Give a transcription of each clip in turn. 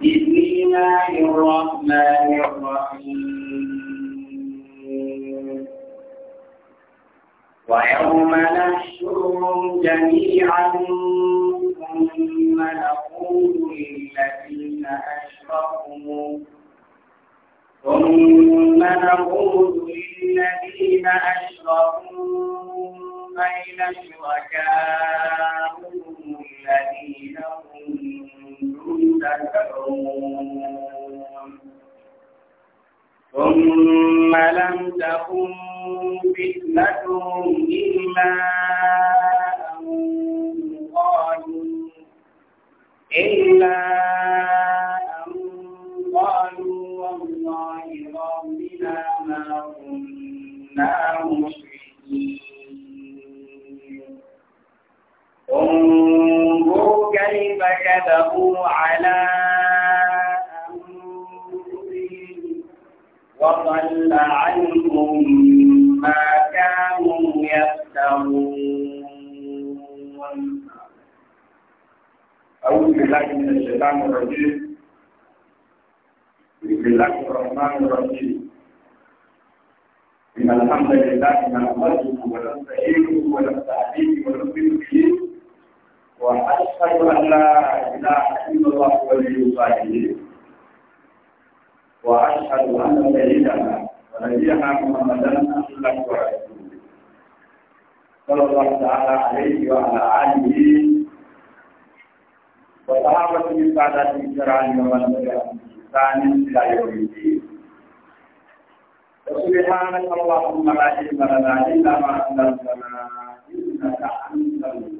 بسم الله الرحمن الرحيم ويوم نحشرهم جميعا ثم نقول للذين أشركوا ثم نقول للذين أشركوا أين شركاؤهم الذين هم ثم لم تكن فتنتهم إلا أن قالوا إلا أن قالوا والله ربنا ما كنا مشركين انظروا كيف كذبوا على أنفسهم وضل عنهم ما كانوا يفترون أعوذ بالله من الشيطان الرجيم بسم الله الرحمن الرحيم إن الحمد لله نحمده ونستعينه ونستهديه ونؤمن به وأشهد أن لا إله إلا الله ولي الصالحين وأشهد أن سيدنا ونبينا محمدا رسول الله ورسوله صلى الله تعالى عليه وعلى آله وصحابته السادات الكرام ومن تبعهم بإحسان إلى يوم الدين سبحانك اللهم لا علم لنا إلا ما علمتنا إنك أنت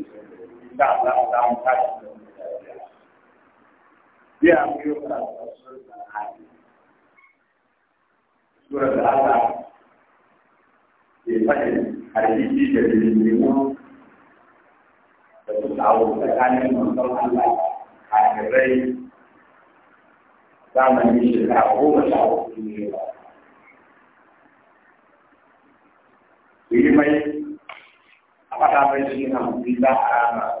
然后，然后开始练兵了。老师，来，说说看，你发现还是自己的父母，有时候在干什么？还是咱们现在父母照顾的，因为爸爸妈妈经常回家啊。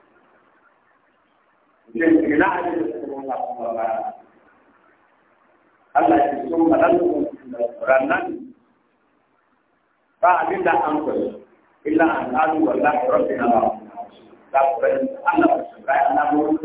ina hadisi da kuma kuma ba Allah ya so malan ba ba mu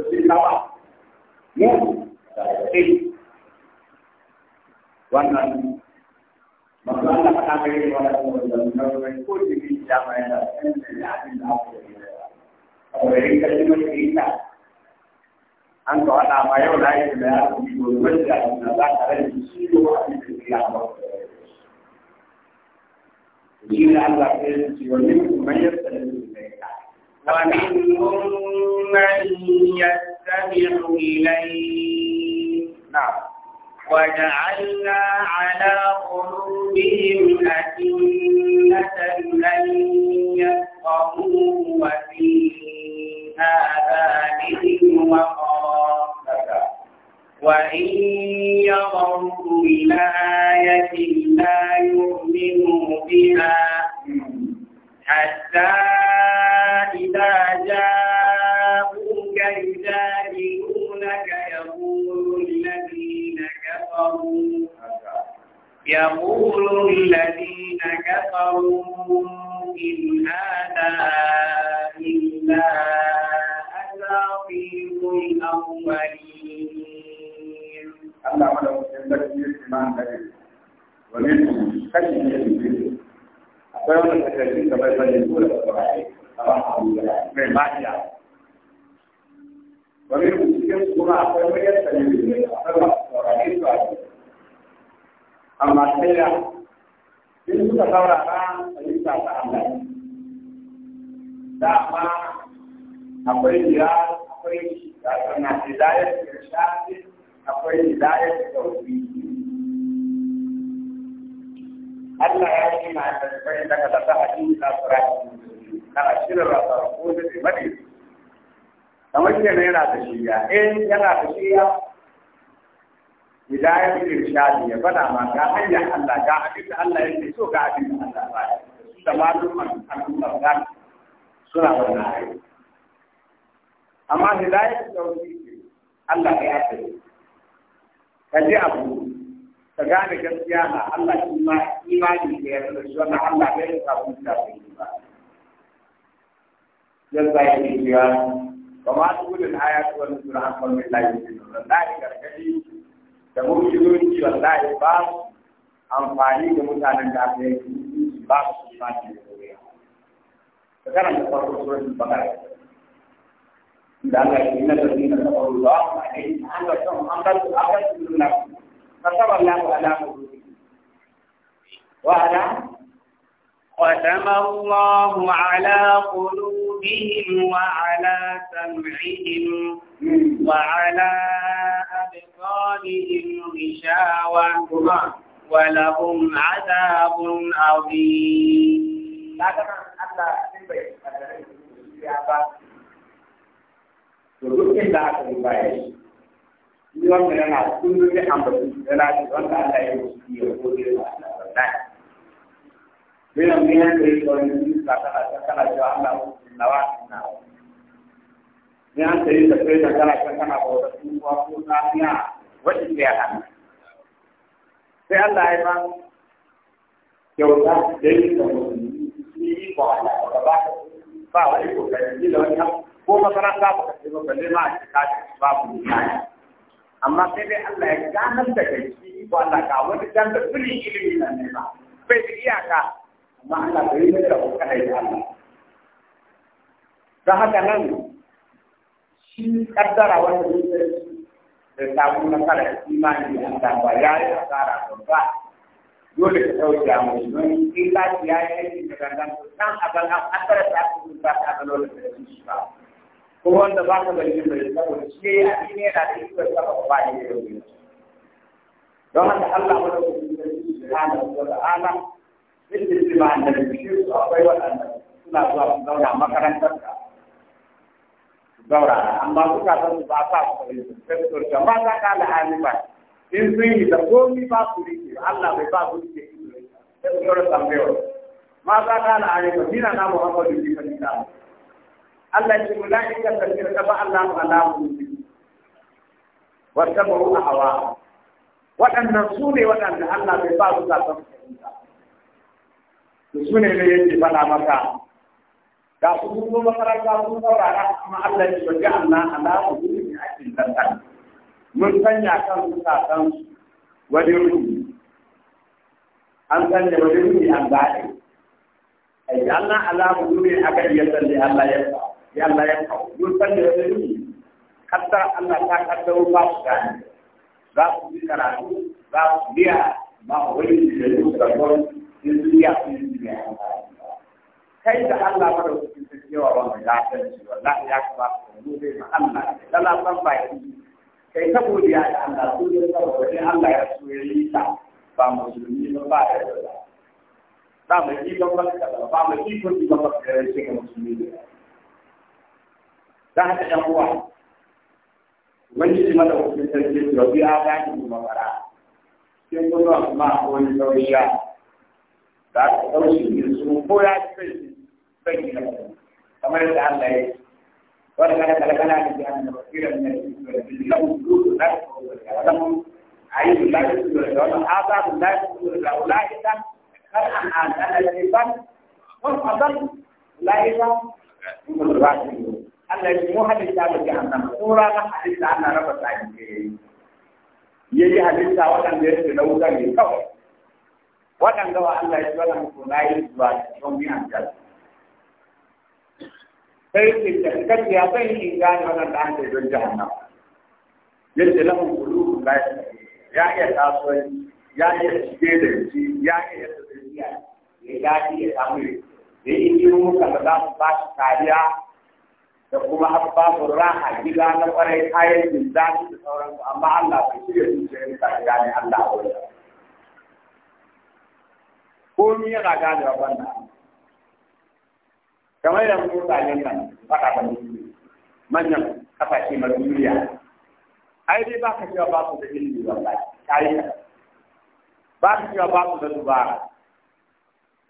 an ka wada ma yau na yi ya kuma gobe wanda ya na za ka rage shi ko a cikin kiyar ba. Shi ne Allah ta yi ce wani mai yadda da su da ومنهم من يستمع إليه نعم وجعلنا على قلوبهم أكنة أن يفقهوه وفي آذانهم وإن يروا كل آية لا يؤمنوا بها حتى إذا جاءوك يجادلونك يقول الذين كفروا يقول الذين كفروا إن هذا إلا أساطير الأولين Allah mana mutum da shi ne ma da ne wani kashi akwai wani takardu da bai bane dole ba mai ma'iya wani cikin kuma akwai wani yadda ne akwai masu saurari amma sai da in suka saurara a yi ta Allah dama akwai jira akwai shi da sana hidayar da shi. akwai hidayar da tauhidi Allah ya yi ma da kai da ka ta hadin da surati na ashirar rasul ko da bade kamar ke ne yana da shiya eh yana da shiya hidayar irshadi ya fada ma ga hanyar Allah ga abin da Allah ya yake so ga abin da Allah ba da malumin al'ummar da suna wannan ayi amma hidayar tauhidi Allah ya ce. ka ji abu ka gane gaskiya na Allah shi ma imani da ya zama shi wannan Allah bai yi sabon da bai ba zan sa yi jiya ba ma su gudun aya su wani sura an lafi mai layi ne wallahi gargadi da yi musulunci wallahi ba amfani da mutanen da aka yi ba su imani da koya ka karanta farko suratul bakara لأن إن الذين كفروا الله عليهم أنفسهم أخذ أخذ من نفسهم فترى الله على قلوبهم وعلى ختم الله على قلوبهم وعلى سمعهم وعلى أبصارهم غشاوة ولهم عذاب عظيم. to duk inda aka yi baya shi ni wanda yana kullum ne an batu yana shi wanda Allah ya yi ya gode da Allah wallahi Bila mlihat kehidupan ini, katakan-katakan aja Allah nawat nawat. Yang dari sesuai katakan-katakan semua punanya wajib dia. Saya Allah emang jauh dari semua ini, ini bahaya. Bahwa itu kan jadi dalam ko makaranta ba ka ce ba balle ma a cika da babu misali amma sai dai Allah ya ganar da kai shi ko Allah ka wani dan da tuli ilimi nan ne ba bai da iyaka amma Allah bai yi da ko kai Allah da haka nan shi kaddara wanda yake da samu nasara imani da Allah ba ya yi asara ba dole ka sauke a mai don in lafiya ya yi da gangan to nan a gangan an tara ta kuma ba ta ga dole ta yi shi ba ko wanda ba ka bari mai saboda shi yayi addini yana da ikon sa ba ne da wani don haka Allah wa subhanahu wa ta'ala duk da ba da shi su akwai waɗanda suna zuwa su zauna makarantar ka zaura amma suka san su ba sa su bari su sai ta ba ta kala alima in sun yi da komi ba su rike Allah bai ba su rike sai su yi tambayar ma za ka al'arika dina na Muhammadu bi kan Allah ce mula'ika ta firka ba Allah ba la wa tabu hawa waɗannan su ne waɗanda Allah bai ba su zaɓen su ne ne yake faɗa maka ga su sun zo makaranta sun saurara kuma Allah ya ce Allah ala su ne ake mun sanya kan su zaɓen wani ruhi an sanya wani ruhi an zaɓe ai Allah ala su ne aka iya sanya Allah ya sa. yalla ya kawo yau san da yadda ni kaddar Allah ta kaddaro ba su gani za su yi karatu za su biya ma wani da yau da gwamnati sun biya sun biya kai da Allah mara wuce sun yawa wanda ya san shi wallahi ya kaba mu dai ma Allah da la san ba yi kai ta godiya da Allah sun yi saboda dai Allah ya so ya yi ta ba musulmi ba ba da ba mu yi don ba ba mu yi don ba ka ce musulmi ne za haka ɗan uwa wani shi mata hukun sarki su rabu ya ba ni kuma fara sai kuma kuma a wani sauriya za ka ɗaushe ne su ko ya ci sai sai ki kamar yadda Allah ya ce wani kana kala kana da jihar da basirar ne da su da su da su da su da su أي da الدولة هذا بلاد الدولة أولئك خلق عن أهل الإنسان هم أضل أولئك هم الراشدين Allah ya mu halitta da jahannam ko ranar halitta ana raba tsaki da yayi yayi halitta waɗanda yake na wuta ne kawai waɗanda wa Allah ya tsara muku layi zuwa cikin biyan jar sai ce da kace ya bai yi gane wannan da an da don jahannam yadda lahum qulubun la ya iya tasiri ya iya shige da shi ya iya tafiya ya dace ya samu ya yi ilmu kan da za su ba shi kariya da kuma an ba mu raha gida na kwarai kayan jin daɗi da sauransu amma Allah bai shirya zuciyar ta gane Allah a wajen komi yana gane wa wannan kamar yadda mutanen nan faɗa ba manyan kafashe na duniya ai dai ba ka cewa ba su da ilimi wallahi kai ba ka cewa ba su da dubara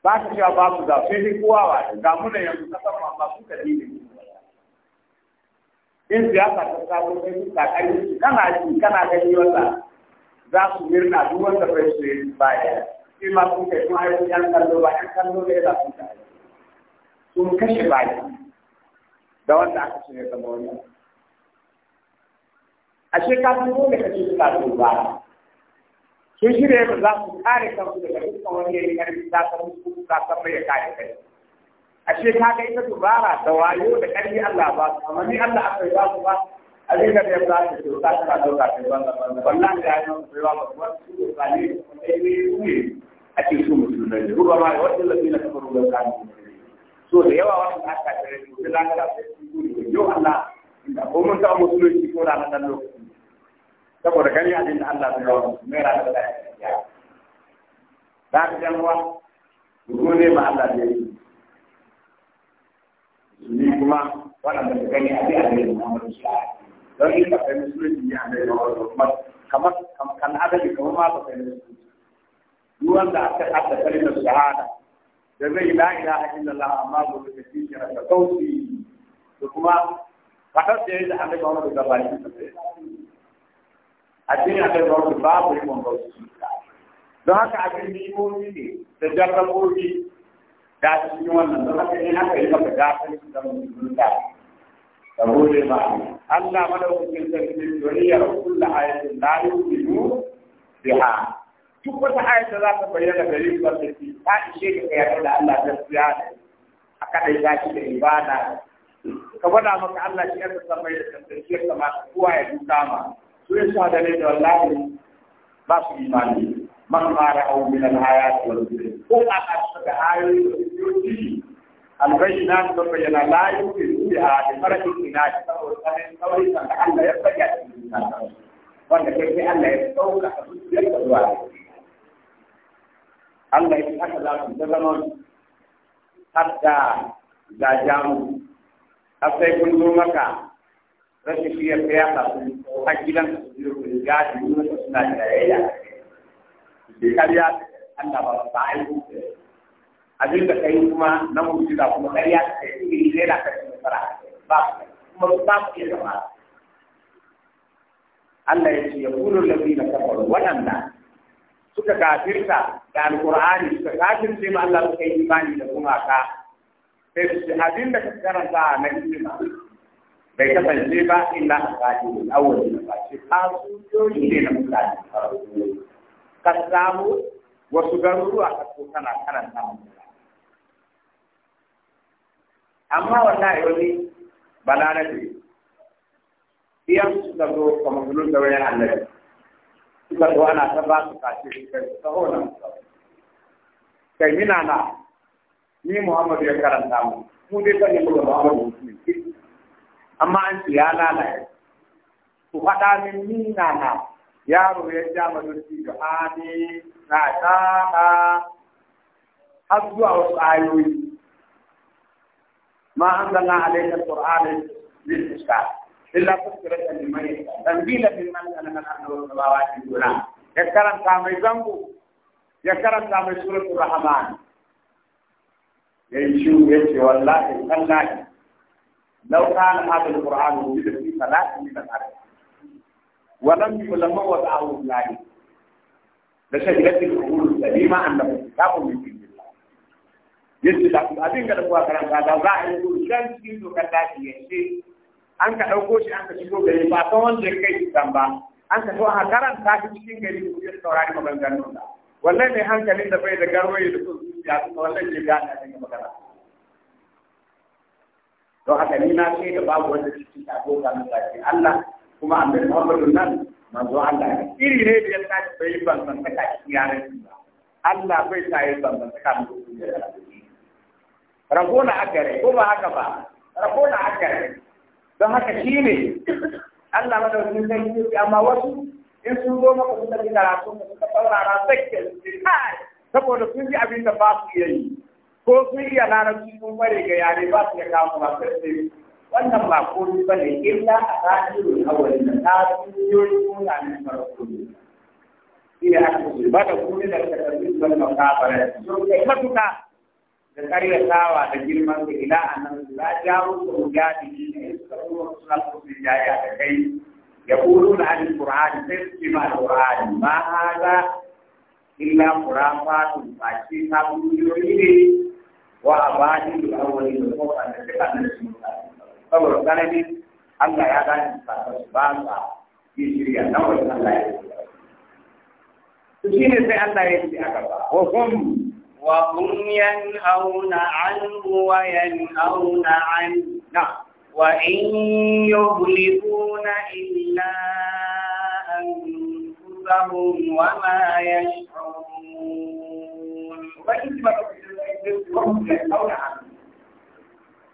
ba ka cewa ba su da sai kowa wa ga mu da yanzu kasan amma su da ilimi in siyasa ta kawo kai su kakari su kana ji kana gani wanda za su mirna duk wanda bai su yi baya shi ma sun kai sun haifu yan kallo ba yan kallo ne za su kai sun kashe baki da wanda aka shirya zama wani a shekaru dole ka ce su ka ba sun shirya ba za su kare kansu daga dukkan wani yayin karfi za ka musu kuka san mai ya kare kai ashe ka ga ita dubara da wayo da ƙarfi Allah ba amma ni Allah aka yi ba ku ba da ya ta ta ta dauka ta banza banza Wannan da ya yi ba ku ba su ba ne sai ne ne a ce su musulmai ruba ma da wasu lafi na kamar ruban kan so da yawa wasu da aka tare su da lafiya su yo Allah da ko mun ta musulunci ko da nan lokaci saboda gani abin da Allah ya yi mai ranar da ya yi da ka janwa ruwa ne ma Allah ya Ni kuma waɗanda su gani a abi da yin Muhammadu Sallallahu don in ka fahimci ya ne da yawa kuma kamar kan adali kamar ma ka fahimci duk wanda aka haɗa kalimar shahada da zai la ilaha illallah amma gobe da shi ke da kauci da kuma fatar da yayi da annabi Muhammadu da baki addini a kai babu babu yi mun bauci don haka abin nimomi ne da jarrabobi ta ta cikin wannan don haka in haka yi maka gafari da mutunta da gode ma Allah madaukakin sarki duniyar kullu ayatin la yu'minu biha duk wata ayat da za ta bayyana gare ka ta ce ta ishe ka yarda da Allah gaskiya ne a kada ya shi da ibada ka gwada maka Allah shi yarda sama da sarki ya kamata kowa ya duka ma su ya sa da ne da wallahi ba su imani man fara au min al-hayat wal-dunya ko a ƙasa da ayoyi da siyoyi albayyana da bayyana layu ke zuwa a da mara ina da saboda tsarin sauri da Allah ya bayyana cikin kasa wanda kai sai Allah ya sauka a zuciyar da zuwa Allah ya haka za su zama hatta ga jamu har sai kun zo maka rashin fiye fiye ka su a gidan su biyu ku ga su yi suna jayayya. Bi ƙarya Allah ba ba ai abin da kai kuma na mu'jiza kuma kariya ta kai ne ne da kai ne fara ba kuma ba ku iya zama Allah ya ce ya kulu ladina kafaru wadanda suka kafirta da alqur'ani suka kafirce ma Allah suka yi imani da kuma ka sai su abin da ka karanta na ilimi bai kasance ba illa a kaji awwal da ba ce ka su yoyi ne na mutane ka samu wasu garuruwa ta ko tana karanta musu amma wallahi wani balarabe iyan suka zo kamar gulun da wani annabi suka zo ana ta ba su kashe kai su taho nan kai mina na ni Muhammadu ya karanta mu mu dai kan yi Muhammadu musulmi amma an ce ya lalace ku faɗa min mina na yaro ya ja madurci ga ami na ta'a har zuwa wasu ayoyi ma an zalla alaikar qur'ani lil iskar illa fusratan liman tanbila bil man kana man annahu samawati duna ya karanta mai zango ya karanta mai suratul rahman ya yi shiru ya ce wallahi wallahi Lau kana hadha al-qur'an wujida fi salatin min al-ardh ولم يلموا وضعه الله لشجرة العقول السليمة أنه كتاب من دين الله يجب أن أبين قد أقوى كلام هذا ظاهر يقول كان سيد وكان ذاتي يشي أنك أوكوش أنك شكو بي فاتون جكي تسمى أنك هو هكرا ذاتي شكين كريم كريم توراني مبنغان الله والله ما هنك لين ya دقروي لكل ya والله جيبان أنك magana. don haka ni na ce da babu wanda cikin abokan Allah kuma annabi Muhammadu nan manzo Allah ne iri ne da ya tashi bai yi banban saka shi yaran shi ba Allah bai sa yi banban saka mu rago na akare ko ba haka ba rago na akare don haka shi ne Allah madaukakin sarki ne amma wasu in sun zo maka suka ji karatu suka saurara sakke su kai saboda sun ji abin da ba su yi ko sun iya larabci sun bare ga yare ba su iya kawo ba sai wannan ba komai ba ne illa a tsarin awali na tsarin yoyin kuna na farko ne shi ne aka kusa ba da komai da ka karbi ban da kabara yau kai matuka da karyatawa da girman da ila a nan za a jawo su ruga da yi ne suka kuma suna da kai ya kuru na alin qur'ani sai su ce ma qur'ani ma haza illa qur'anatun ba shi ta ne wa da awali da kuma da suka nan shi saboda sanadi Allah ya gane sakon su ba sa yi shirya na wani Allah ya yi shi ne sai Allah ya ce a gaba wa hum wa hum yanhauna anhu wa yanhauna an na wa in yuhlibuna illa anfusahum wa ma yash'urun ubangiji ba ka fi ko kuma auna kauna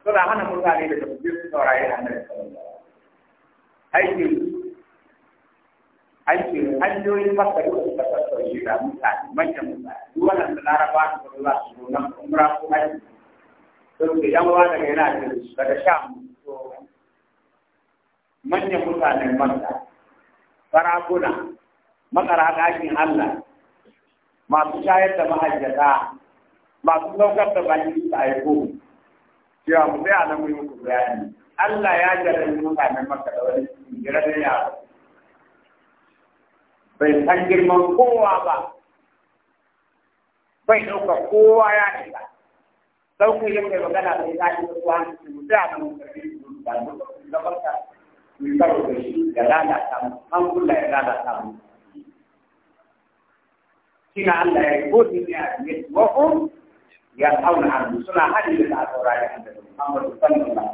suna hana mutane da tafi su saurari a nan aikin aikin hanyoyin masa yau da ta sauri da mutane manyan mutane duk wannan da su za su zo nan umra ko aiki sun da yan wa daga yana da daga sham manyan mutanen masa sarakuna makara ɗakin Allah masu shayar da mahajjata masu saukar da bakin su aiko cewa mu sai anan muyi muku bayani Allah ya mu mutanen Makka da wani jirage yaro bai san girman kowa ba bai ɗauka kowa ya isa sauku yin mai magana bai ta yi kowa mu sai anan mu karbi da mu da barka mu karo da shi da lalata mu an kula ya lalata mu shine Allah ya yi gode ne a cikin wa'um ينهون عنه سنة هذه hadis عند محمد صلى الله عليه وسلم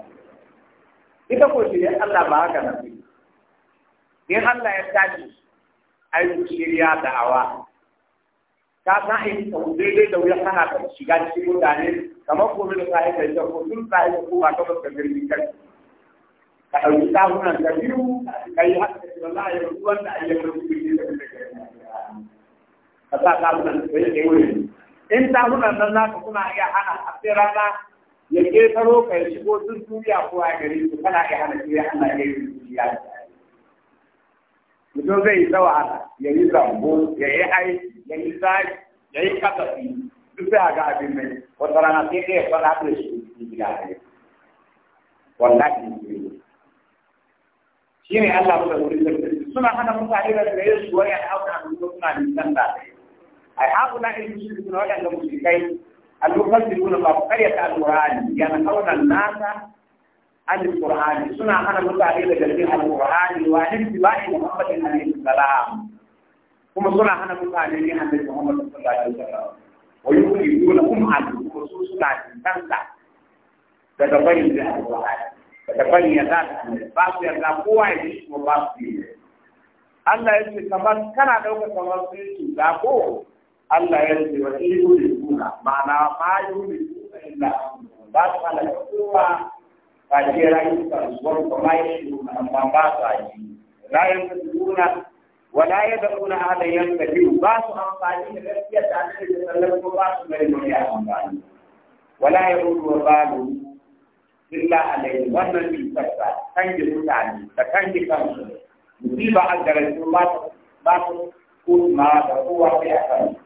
ita ko shi khususnya Allah ba haka nan Allah ya tashi aiki shirya da awa ka san aiki ka daidai da wuya kana ka shiga cikin mutane kamar ko da sai ka saya, ko sun sai ko ba ka ka girmi kan ka dauki tahunan ka biyu ka yi haka da wallahi ya ruwan da ayyukan ku da ka sa yi in ta tarunan nan naka kuna iya hana a sai rana ya ƙetaro ka ya shigo sun duniya ko a gare su kana iya hana shi ya hana ya yi duniya mutum zai yi sawa ya yi zambo ya yi hai ya yi tsari ya yi kasafi duk sai a ga abin mai wata rana sai ɗaya fara da shi gida ne wallahi ne shi ne Allah ya wuri suna hana mutane da ya yi su wani abu da suna nisan da أي هؤلاء المشركون وعند المشركين المفسرون بقية القرآن ينهون الناس عن القرآن سنة أنا متعلي بجميع القرآن وعن اتباع محمد عليه السلام هم سنة أنا متعلي عن محمد صلى الله عليه وسلم ويخرجونهم عن خصوص تنسى تتبين القرآن تتبين ذات الباطل لا قوة يشبه باطل الله يسلمك كان لو كنت مرسل تلاقوه Allah ya ce wa ihu da kuna ma'ana ma da kuna illa ba su halaka kowa ba ce rayukan su wani kuma ya shi amma ba su aji rayukan su kuna wala ya da kuna halin yanka biyu ba su amfani da gaskiya da aka yi sallar ko ba su mai mai amfani wala ya rudu wa balu illa alaihi wannan bi tsaka kange mutane ta kange kansu musiba a garin ba su ba su kuma da kowa ya kansu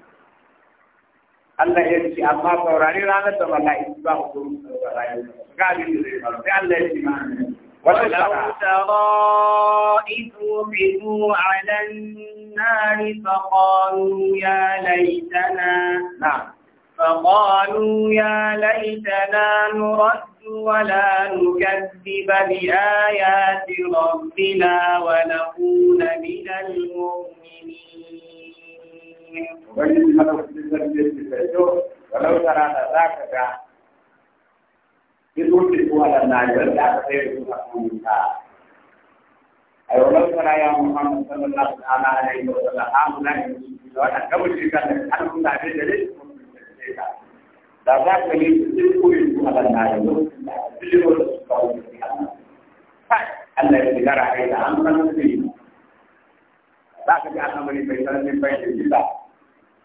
Allah ya ce amma saurari ranar da mala'iku ba ku ولو ترى إذ على النار فقالوا يا ليتنا نعم فقالوا يا ليتنا نرد ولا نكذب بآيات ربنا ونكون من المؤمنين ubangiji madaukakin sarki ya ce kai yau walau da ga duk wuce ko ala da aka sai da su a kan ai walau tara ya muhammad sallallahu alaihi wa sallam amuna yi su da wannan gabashi kan da an kuma da da ne da za ka ne duk wuce ko ala najar lokacin da aka fi da su kawo da Allah ya shiga ra'ayi da an san su yi za ka ji annabi bai san bai da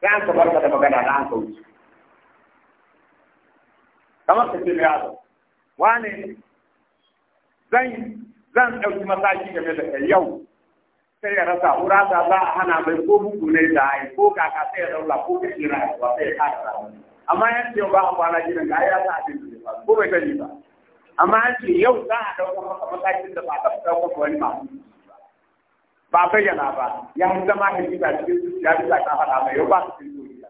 sai an ka barka da magana da an ka wuce kamar ka ce yaro wane zan ɗauki game da yau saya rasa wurata za a hana mai ko bugu ne da ai ko kaka ko kira ai ba sai ya kasa amma yan ba a kwana ga ya sa abin ba ko bai gani ba amma an yau za a ɗauka masa matakin da ba a taɓa ɗaukar wani ma. ba bayyana ba ya zama hakika cikin zuciya bisa ka faɗa mai yau ba su cikin zuciya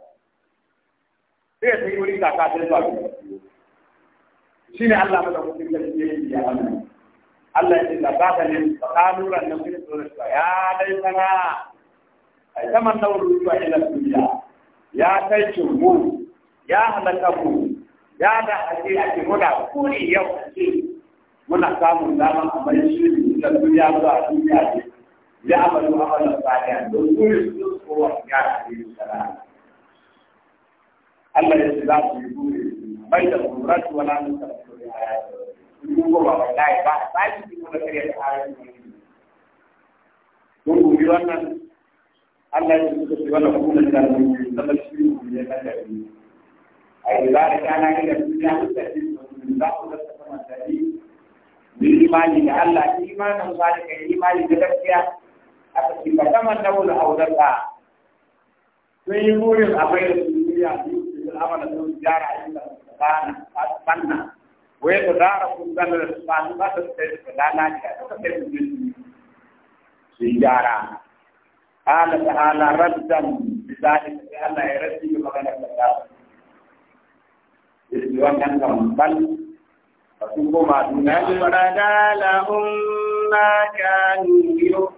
sai ta yi wuri ka ka sai zuwa shi ne Allah maka mutum da shi yake ya amana Allah ya ce da baka ne tsakanuran nan kuma tsoro ya dai sana ai na nauru zuwa ila duniya ya kai mu ya halaka mu ya da ake ake muna kuri yau ake muna samun dama a shi da duniya zuwa duniya ce يعملوا عملا صالحا دخول الصدق هو حجاج عليه السلام أما الإسلام يقول ما يتغرق ولا نستغفر بآيات يقول والله بعد بعد يقول كريه آيات يقول يوانا الله يقول ولا قول إلا المؤمنين لما تشركوا من المتقين أي ذلك أنا إلى الدنيا مستحيل من ذاك الذي من إيمانه الله إيمانه ذلك إيمانه بذكره aka ci ba kama da wani ka. sun yi burin akwai da su duniya su yi amana sun gyara da su kana a su fanna wai da zara kun zana da su fani ba su sai su lana ne a suka sai su yi su yi gyara ala ta ala raddan misali sai Allah ya raddi ga magana da ta yi wannan Ba kan bal فسوق ما دون da لهم ما كانوا يؤمنون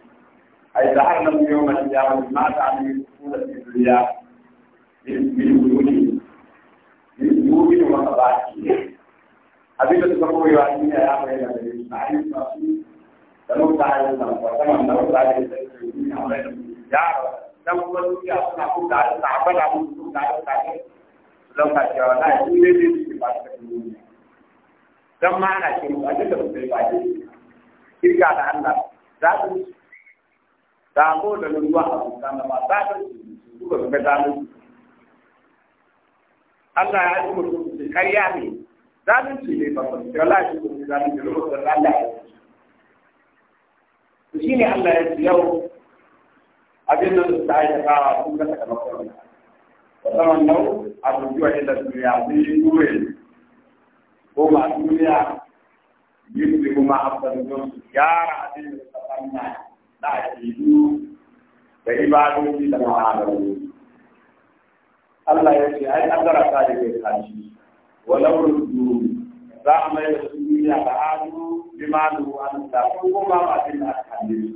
أي تعلم يوم القيامة ما تعلم سهولة الدنيا من من a da yi na yi masu da mutta a yin nan dan ka na ne ne ba ta dan ma da Allah za sako da ruwa a kusa na ba ta su ka ga zalunci Allah ya yi mutum su karya ne zalunci ne ba su ga lafi ko ne zalunci ne ba su Allah ya yi shi ne Allah ya ce yau abin da ta yi kawa sun ga sakamakon da nau a tuntuwa inda duniya sun yi ture ko ma duniya yi kuma afsanin don su gyara abin da su ta fanna na akidu da ibadoji da ma'amaloli Allah ya ce ai an ta da kai kashi walau rudu za a mai da su duniya da hannu limanu an da kuma ba su da kalli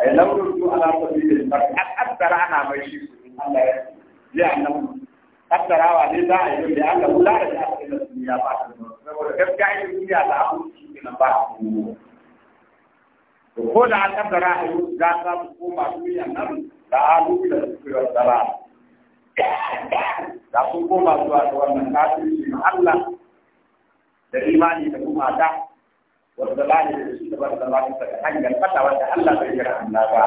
ai laurin su ala sabi da ta kaddara ana mai shi Allah ya ce ya annabi kaddarawa ne za a yi da Allah kula da ta da duniya ba saboda gaskiya duniya da abu shi ne ba su ko da an kaddara a yi za ta mu koma duniya nan da alu da a tsara da kun koma zuwa da wannan kafirci na Allah da imani da kuma ta wanda ba ne da shi da wanda ba ta da hanyar fata wanda Allah bai jira Allah ba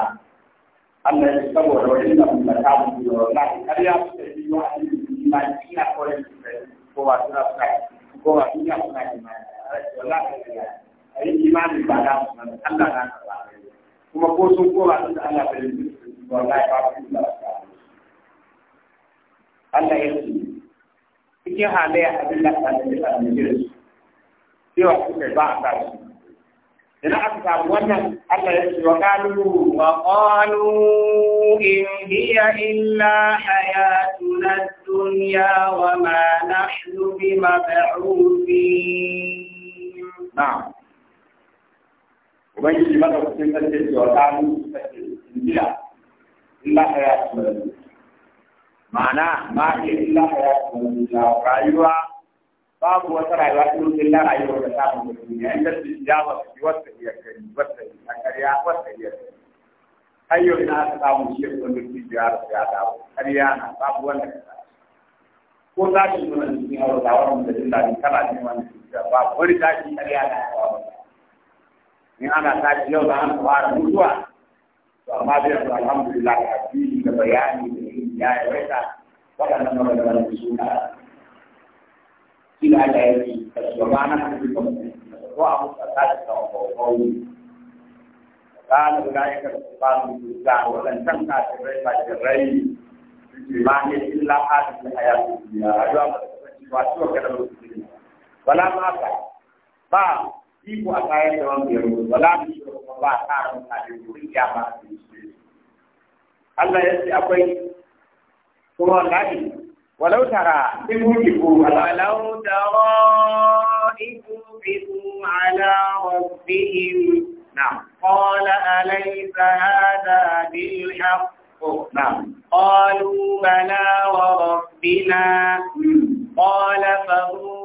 Allah ya saboda wani da mun ta mu yi wallahi kariya su da yi wa imani ina koyi ko wa suna suna ko wa suna suna imani wallahi kariya Ayi yi ba da Allah na karɓa kuma ko sun koma da Allah bai yi wallahi ba su da Allah ya ce cikin halayya abin da ka da ta da su cewa suka ba a kasu idan aka samu wannan Allah ya ce wa qalu wa qalu in hiya illa hayatuna dunya wa ma nahnu bimab'uthin na'am ubangiji maka kucin sarki cewa ta mutu sarki injila illa hayatu wani ma'ana ma ke illa hayatu wani rayuwa babu wata rayuwa ta mutu illa rayuwar da samun da duniya inda su ya wasu ki wata iya kari wata iya kariya wata iya kari yau ina aka samu shi ko da ki jiyar ya dawo na babu wanda ka ko za ki zo na cikin aure da wannan da illa ni kana ne wannan babu wani tashi kariya na ya dawo in ana tashi yau da an fara mutuwa to amma bai alhamdulillah da da bayani da yin ya yawaita waɗannan maganganun suna kila da yake da shugabana a cikin mutum ko a mutu a tashi da wani قال أولئك الكفار بالله ولن تنفع الريب الجرين ما هي إلا هذه الحياة الدنيا أيها المسلمين وأشوف كلام المسلمين ولا ما بعد shi ko a kayan da wani biyar wuri mu shi kuma ba ya ba Allah ya ce akwai walau tara in wuce walau tara in wuce ala rabbihim نعم قال أليس هذا بالحق نعم قالوا بلى وربنا قال فهو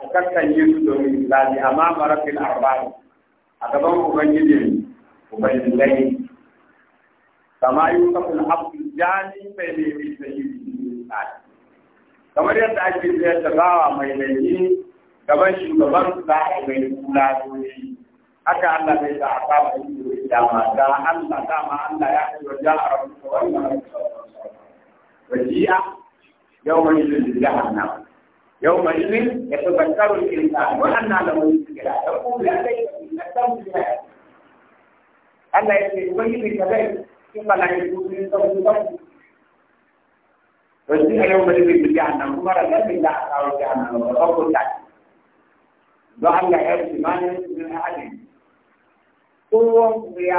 a kakkan yi su domin zaɓi amma marafin arba'i a gaban ubangijin ubangijai kama yi kafin abu jani mai yi da yi tsari kamar yadda ake sayar da bawa mai laifi gaban shugaban za a mai kula doshi haka Allah bai da aka ba yi da ma da Allah ma Allah ya yi wa ja'a rabbuka wannan wajiya yawon yi da jahannama yau mai yin ya fi zakarun insa ya mani abu da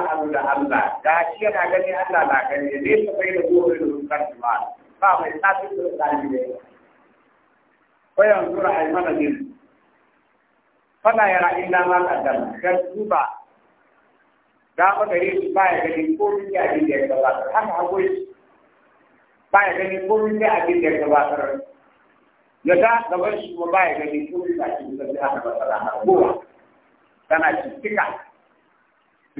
Allah shi yana gani Allah na gani zai tafi da gobe da rukar ba mai tafi da zai bayan zura a yi mana din fala yara illa ma kaddam dan duba dama gare shi baya ganin komai da abin da ya gabatar haka hagoyi baya ganin komai da abin da ya gabatar ya ta gaban shi kuma baya ganin komai da abin da ya gabatar a kowa tana cikika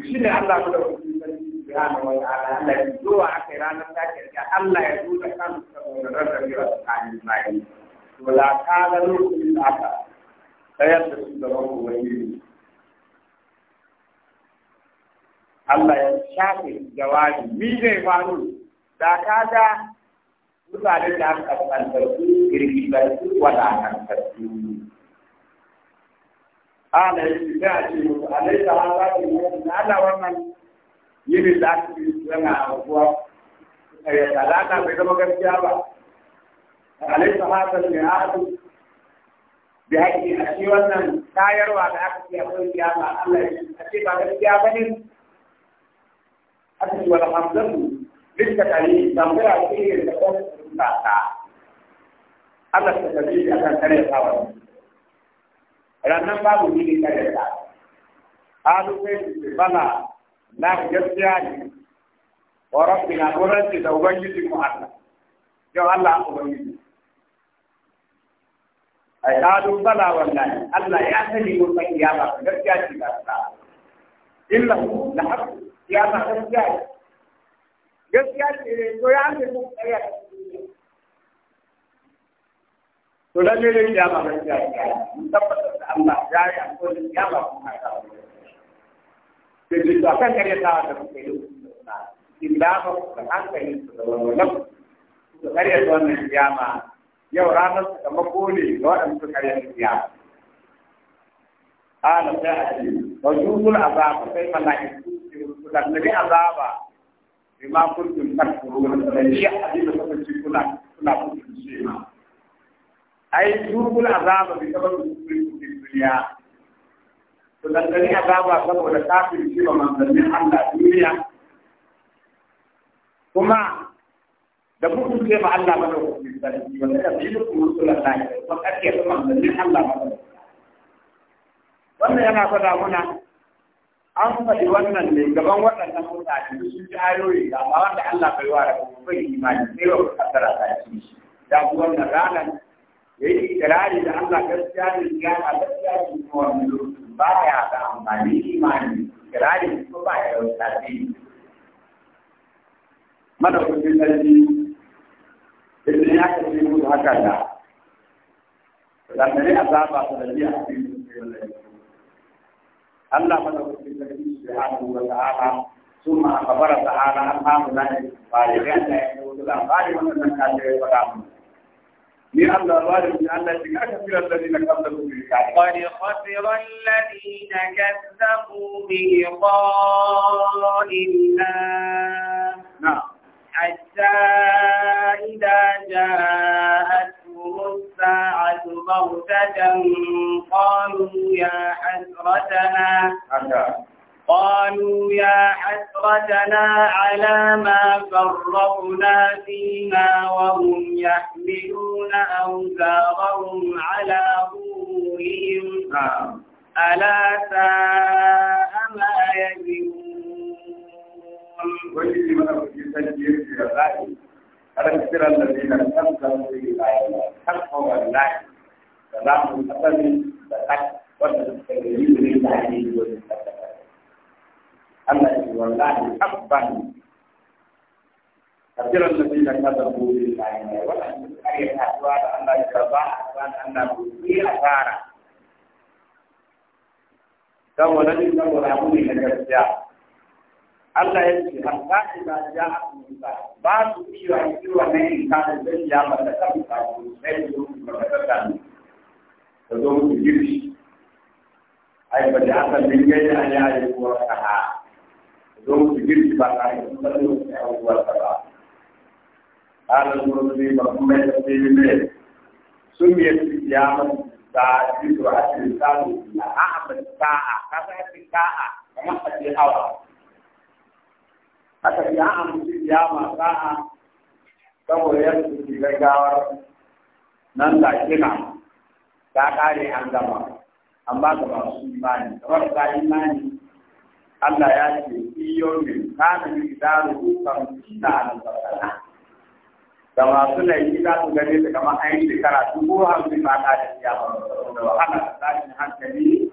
shi ne Allah da kuɗi sarki subhanahu wa ta'ala Allah ya zuwa aka ranar ta kirkiya Allah ya zo da kansa da rarrabewa tsakanin bayi to la kana lokacin da aka tsayar da su gaban ubangiji Allah ya shafe jawabi mi zai faru da ka ga mutane da aka kaskantarsu girgibarsu wadatantarsu ala yi da a ce musu alai da ala ke yi na ala wannan yini da aka yi suna a kuwa ya tsada ta bai zama gaskiya ba أليس هذا الميعاد بهذه أشياء تاير وعلى أكس يقول يا ما الله أشياء على الجابن أكس ولا حمزة للتكاليف تنبيع فيه التكاليف Allah ta tafi a kan kare tsawa. Ranar babu ni ne kare ta. Alu sai su ce bala na gaskiya ne. Wa rabbi na da ubangiji mu Yau Allah ai kalu bala wallahi Allah ya sani mun san kiyama gaskiya ce ba ta illa la haq kiyama gaskiya ce gaskiya ce to ya ne mun tsaya to da ne kiyama gaskiya ce mun tabbatar da Allah ya yi alƙawarin kiyama kuma ta ke ji to akan kare ta da kuke yi illa ba ka hankali da wannan kare ta wannan kiyama yau ranar sakamako ne ga waɗanda suka yi siya ala sai a ce wa juzul azaba sai mala'iku su tannabi azaba bima kuntum takfuruna da shi abin da kuka ci kuna kuna kuntum shi ma ai juzul azaba bi sabab kufri fi dunya to tannabi azaba saboda kafir shi ba manzanni Allah duniya kuma da kuku ce ma Allah mana hukumi sarki wanda da bi duk musulun lahi ba kake da ni Allah mana wannan yana faɗa muna an faɗi wannan ne gaban waɗannan mutane sun ji ayoyi da amma wanda Allah bai wara da kuma bai imani sai wa kasara ta ci shi da wannan ranar ya yi ikirari da Allah gaskiya ne ya a gaskiya ne kuma wani lokacin ba ya da amfani imani ikirari ko ba ya yi wata mana kuma sarki dunia ini mudah kaya. Dan ini ada apa sebenarnya yang dimiliki Allah menurut kita ini subhanahu wa ta'ala summa khabar ta'ala amma mulai bari kanne wala bari wannan kanne ba da mu ni Allah bari ni Allah shi aka fira ladina kamta ku bi ka qali khatir alladina kazzabu bi qalinna na'am حتى إذا جاءتهم الساعة بغتة قالوا يا حسرتنا قالوا يا حسرتنا على ما فرطنا فيها وهم يحملون أوزارهم على ظهورهم نعم. ألا ساء ما يزرون تجيب في الغاية ألم ترى الذين كذبوا بآياتنا حق والله سلام الأسد لقد والتكذيب لله والتكذيب الله والله حقا كثير الذين كذبوا بالآيات ولم يكن أحوال أن يتبع أحوال أنه في أثاره كون لم يكن أبو لك الجاه Allah ya ce hatta ila ja ba su kiwa kiwa na yin kanin zai ya mata kan kawo sai su mata kan da zo mu girki. ai ba da aka din ga ya ya ya ka ha zo mu girki ba ka yi ba ne ko ya ko ka ba Allah mu ne ba kuma da sai ne sun yi ya mata da ji to a cikin sa'a na a ba sa'a ka ta sa'a kamar a ce hawa aka yi an amince ya matsa a saboda yadda ke gawa nan da kina ta kare an gama amma ga masu imani kamar ga imani Allah ya ce iyo kada kana yi daru kan ta albarkana da masu laifi za su gane da kamar an karatu, ko dubu hamsin ba ta da siya ba da wahala da shi hankali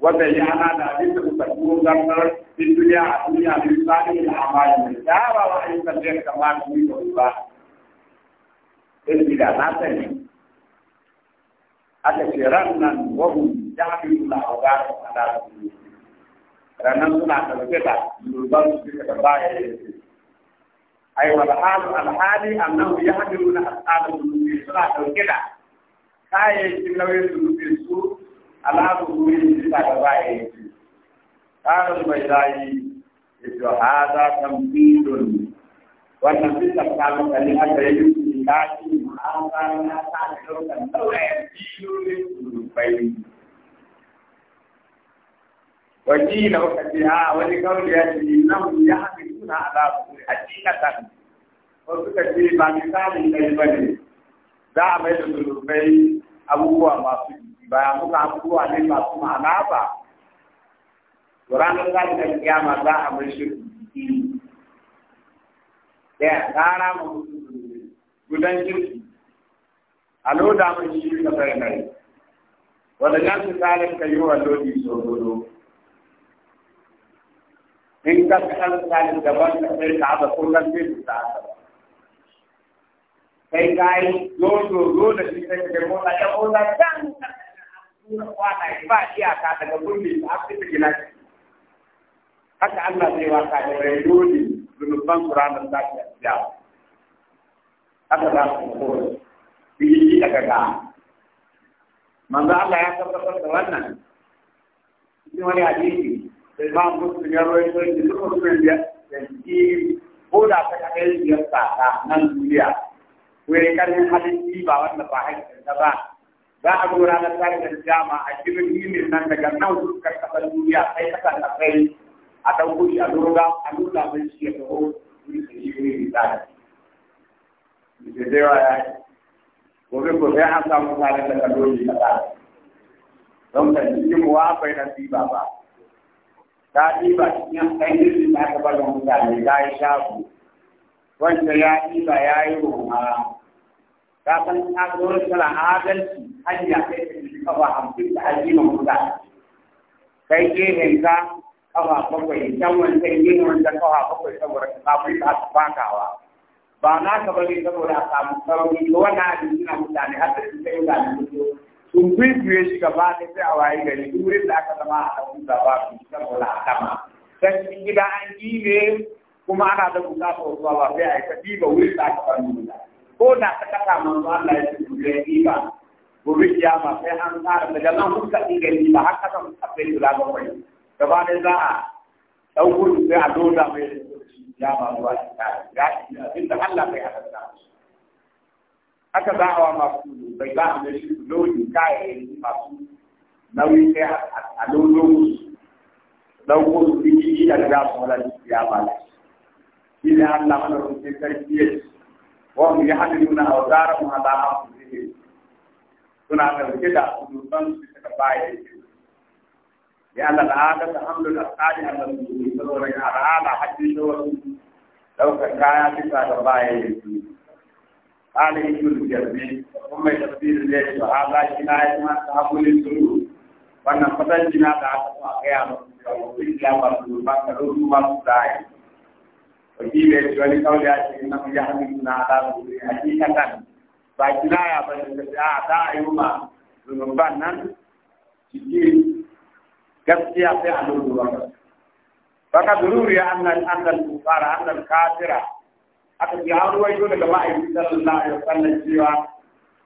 wanda ya na da abin da kuka duniya a duniya bin sa'in da amali mai dawa wa ayyukan da ya kamata yi da ba ilmi na sani aka ce ran nan wahu jami'u na hauga a lafiya ranar suna karfe da lulban su da baya ya ce ai wal alhali annahu yahduruna ashabu suna dauke da kayayyakin nauyin zunubi aláàbò orí nígbà bàbá ẹ̀ jù káàrọ̀ ìwà ìlà yìí ètò àádá kan bí lónìí wọn nà fi sàkàlù kàlí àgbẹ̀yẹ yóò fi láti àádá náà lọ kàn lọ́wọ́ ẹ̀ bí lórí ìlú pẹ̀lú. وقيل وقتها ولقول انهم يحملون على حقيقة ba في بعد a البني دعم الغربي abubuwa masu yi. ba muka abubuwa ne masu ma'ana ba ranar zafin kiyama za a mai shi iri ɗaya tsara ma gudan jirgi a loda mai shi ka bai mai. wanda nan su tsarin ka yi wa lodi sororo in ka kan tsarin daban ka ka haɗa kullum zai su ta kai ka yi lodo lodo shi sai ka kai mota ya mota can tura kwanaye ba iyaka daga gurbi a aka gina shi haka Allah zai waka da rai dole zunuban Qur'anin da ke da haka za su koyi biyi daga ga manzo Allah ya tabbatar da wannan cikin wani hadisi da Imam Muslim ya rawaito da duk musulmin da yake ko da ta kai biyar ta nan duniya Wai ya karin hadisi ba wanda ba haƙƙin ba za a zo ranar tare da jama a cikin yimin nan daga nan suka kasar duniya sai kasar da kai a ɗauko shi a lura a nuna mai shi ya taho da shi ne misali. Da zai wa ya yi, gobe ko sai an samu tare da kaloli na tare. Don ka cikin wa bai na ɗiba ba. Ta ɗiba cikin ɗan yin da ta bada mutane ta yi shago. Wanda ya ɗiba ya yi ruwa ka san ka dole kana adalci hanya kai kafa hamsin da addinin musa kai gehen ka kafa bakwai can wancan gehen wancan kafa bakwai saboda ka samu ka bakawa ba na ka bari saboda a samu sauri ga wannan abin suna mutane har da su sai mutane su sun bibiye shi gaba da sai a waye gari wurin da aka zama a ɗauki gaba su saboda a kama sai cikin gida an gibe kuma ana da bukata wasu ba sai a yi ta ɗiba wurin da aka bari mutane ko da ta kasa manzo Allah ya ce gobe riba gobe kiyama sai an tsara daga nan kuka inga riba har kasan akwai kula ga kwai gaba da za a dauko sai a dole mai kiyama zuwa tsara ya ce abinda Allah bai halatta haka za a wa masu bai za a mai shi lodi kayayyaki masu nauyi sai a lodo musu su yi da za su wala kiyama shi ne Allah mana rufin kai ya وهم يحملون أوزارهم على أنفسهم suna ɗauke da zunuban su suka baya da ya Allah da aka ta hamdu da tsari a nan su saboda ya ra'ala hajji da wasu ɗaukar kaya bisa da baya da shi قال ابن الجرمي ثم تفسير ذلك هذا جناية ما تحمل الذنوب وأن فتن جناية أعتقد أخيرا وإلا مرسول ما تروح ما تدعي وفي ba ولي قول ياتي انهم يحملون على ظهورهم حقيقة فاجتنايا بل اعدائهما ذنوبنا cikin gaskiya sai a lura wannan baka dururi ya annal annal kufara annal kafira aka ji an ruwaito daga ma'aikin sallallahu alaihi wasallam cewa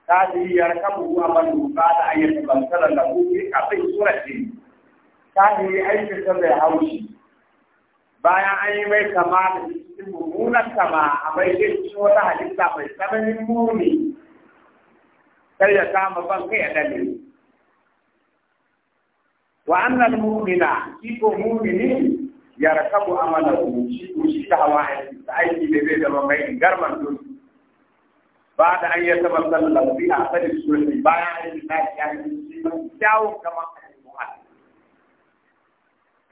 kafiri ya rakabu wa man ba da ayyuka ban sallallahu alaihi kafin surati kafiri aikin ta da haushi bayan an yi mai kamata mummunan ka ba a bai ci wata halitta mai tsananin muni sai ya kama banka ya dame wa annal mu'mina shi ko mu'mini ya rakabu amalahu shi ko shi ta hawa da aiki da zai zama mai garman dole ba da an yi tabbatan lafiya sai su bayan aiki da ya shi kyawun kamar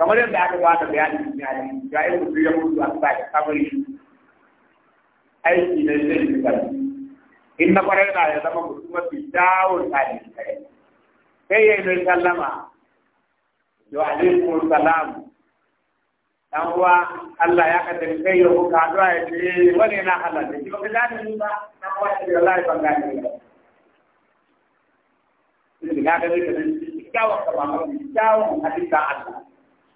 kamar yadda aka bada bayani ne a cikin ga irin ya mutu aka bada kabari aiki na zai yi in na kwarai ya zama mutum mafi dawon tare kai sai ya yi mai sallama yau alaikum salam dan uwa Allah ya kaddare kai yau ka addu'a ya ce eh, wani na halalla ki ba ka gane ba na kwarai da Allah ya ban gane da. Ini kita ne, di dalam kita ba, bangun, kita waktu hadis Allah.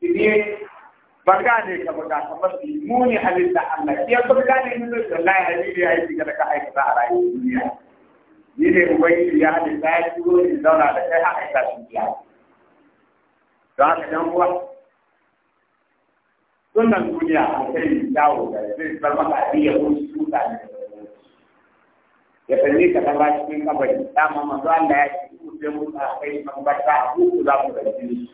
dire ba ka ba ka kamar muni halitta Allah ya ba gane ni da wallahi hadisi ya yi daga ka aikata a rayuwar duniya ni ne ubangiji ya halitta ya turo ni zauna da kai haka ta shi ya da haka dan uwa sunan duniya a kai dawo da zai bar maka adiya ko su ta ne ya fanni ka ta ba cikin kabari dama manzo Allah ya ce ku sai mu ta kai mabata ku za ku da shi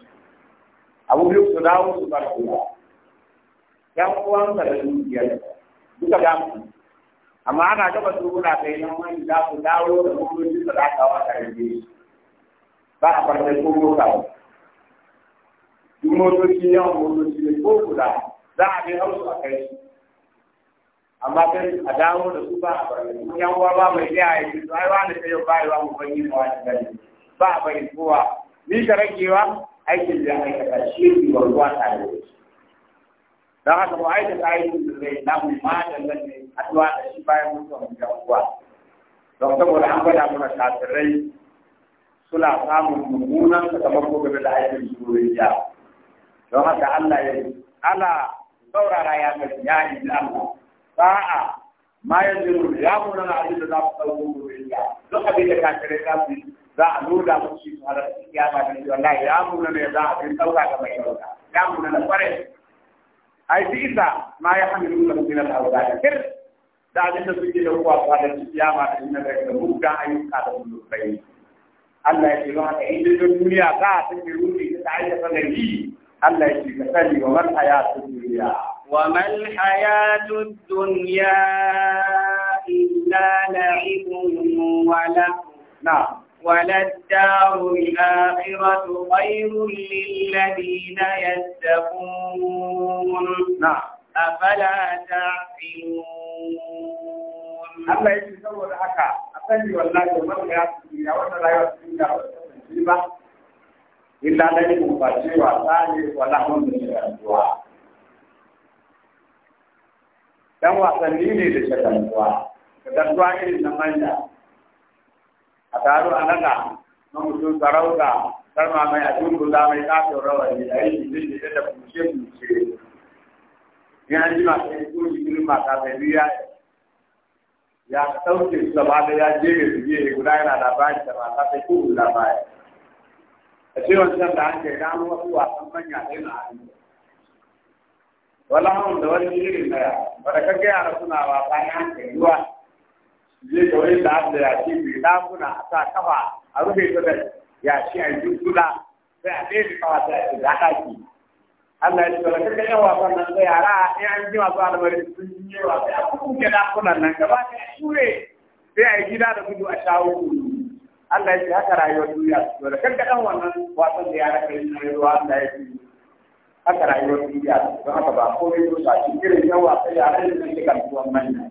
abu duk su dawo su bar kuwa yan uwan da da dukiyar duka da mu amma ana gaba su kuna kai nan wani za ku dawo da mutunci da za ka wata rage ba a farko ko ko ka duk motoci yawan motoci ne ko kula za a bi hausu a kai amma sai a dawo da su ba a bari yan uwa ba mai iya yi su ai wani sai ba yi wa mu bari wani gari ba a kowa ni ka ragewa aikin da aikata shi ne warwa tare da shi don haka ba aikata aikin da zai samu madalan ne haɗuwa da shi bayan mutuwar da uwa don saboda an gwada mana kafirai suna samun mummunan sakamako game da aikin soyayya don haka Allah ya yi ala saurara ya kai ya yi Allah sa'a ma yanzu ya munana abin da za mu sauko soyayya duk abin da kafirai za su yi za a nuna mu shi su halar kiyama da shi wallahi ya muna ne za a bin dauka ga mai dauka ya muna na kware ai shi isa ma ya hamilu na bin al awda da kir da abin da suke da kuwa su halar kiyama da inna da da muka ayyuka da mun bai Allah ya ce ba haka in da duniya za a take ruhi da ayyuka da yi Allah ya ce ka sani wa man hayatu duniya wa man hayatu dunya illa la'ibun wa lahu na'am وللدار الآخرة خير للذين يتقون نعم أفلا تعقلون الله يسوع الحكا أفلا والله ما في أحد ولا لا يعطي إلا الذي مباشر وصالح ولهم من الدعاء dan wasanni ne da shakantuwa da dantuwa irin na manya a taro a naga na mutum sarauta sarma mai a dunkula mai kafin rawar ne a yi jin da da kushe kushe an ji ma sai ko jikin mata bai biya ya sauke su gaba da ya je su je guda yana labari da ba ta ko guda baya a ce san da an kai gano wasu wasan manya ɗaya na hannu wala hau da wani irin na ya ba da kake yara suna wasa ne an yi ruwa zai da wani da da yashi mai lamuna a sa kafa a rufe ta da yashi a yi suna sai a ɗaya da kafa ta yi da ɗaki Allah ya ce wala kaga yawa wannan sai yara in an ji masu alwari sun yi yawa sai a kuke dakunan nan gaba ta shure sai a yi gida da gudu a shawo gudu Allah ya ce haka rayuwar duniya to da kanka dan wannan wasan da ya raka yin rayuwa Allah ya ce haka rayuwar duniya don haka ba komai ko sa cikin irin yawa sai ya rage da kan tuwon manya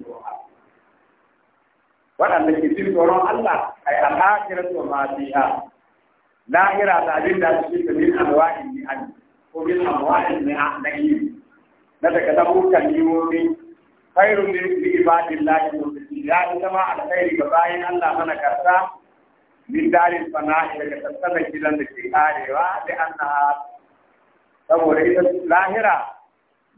waɗanda ke jin tsoron Allah ai al'akira to ma biha lahira da abin da su ke min anwa'in ni an ko min anwa'in ni an da yi na daga dabukan yiwomi khairun min ibadillahi fi ya ita ma alkhairi ga bayan Allah mana karsa min darin fana'i daga tattalin gidan da ke arewa da annaha saboda ita lahira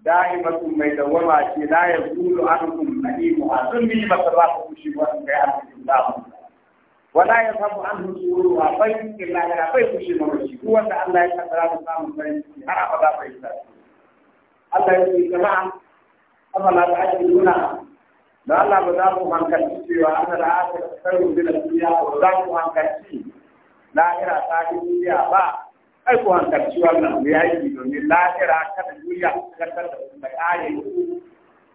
da'imatun mai dawama ce la yazulu ankum nadimu azun bi masarrafu kushi wa kai alhamdulillah da wala yazhabu anhu suru wa bai illa la bai kushi mamaci ko wanda Allah ya kaddara da samun farin ciki har abada bai sa Allah ya yi jama'a afala ta'jiluna da Allah ba za ku hankalci cewa an da aka karu da duniya ko za ku hankalci lahira ba ai ko an karci wannan mu yaki domin lahira kada duniya ta kasar da kuma kare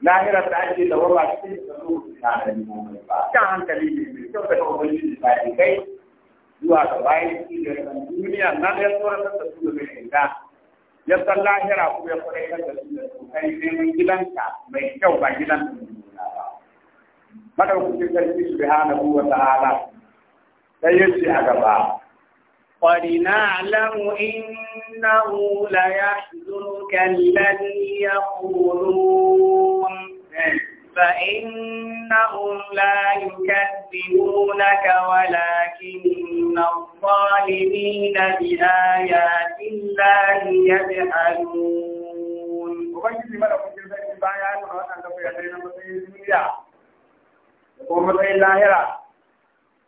lahira ta ake da wala cikin da su na da mu ba ta hankali ne mai kyau da kuma ba da kai zuwa ga bayan shi da duniya nan ya tsora ta su da mai da ya san lahira kuma ya fara kan da su da su kai neman gidanka mai kyau ba gidan da ba madaukakin sarki subhanahu wa ta'ala sai yace a gaba قد نعلم إنه ليحزنك الذي يقولون فإنهم لا يكذبونك ولكن الظالمين بآيات الله يجحدون وبين ما لكم في البيان وأن تقول يا سيدنا مسيح الدنيا وقوم الله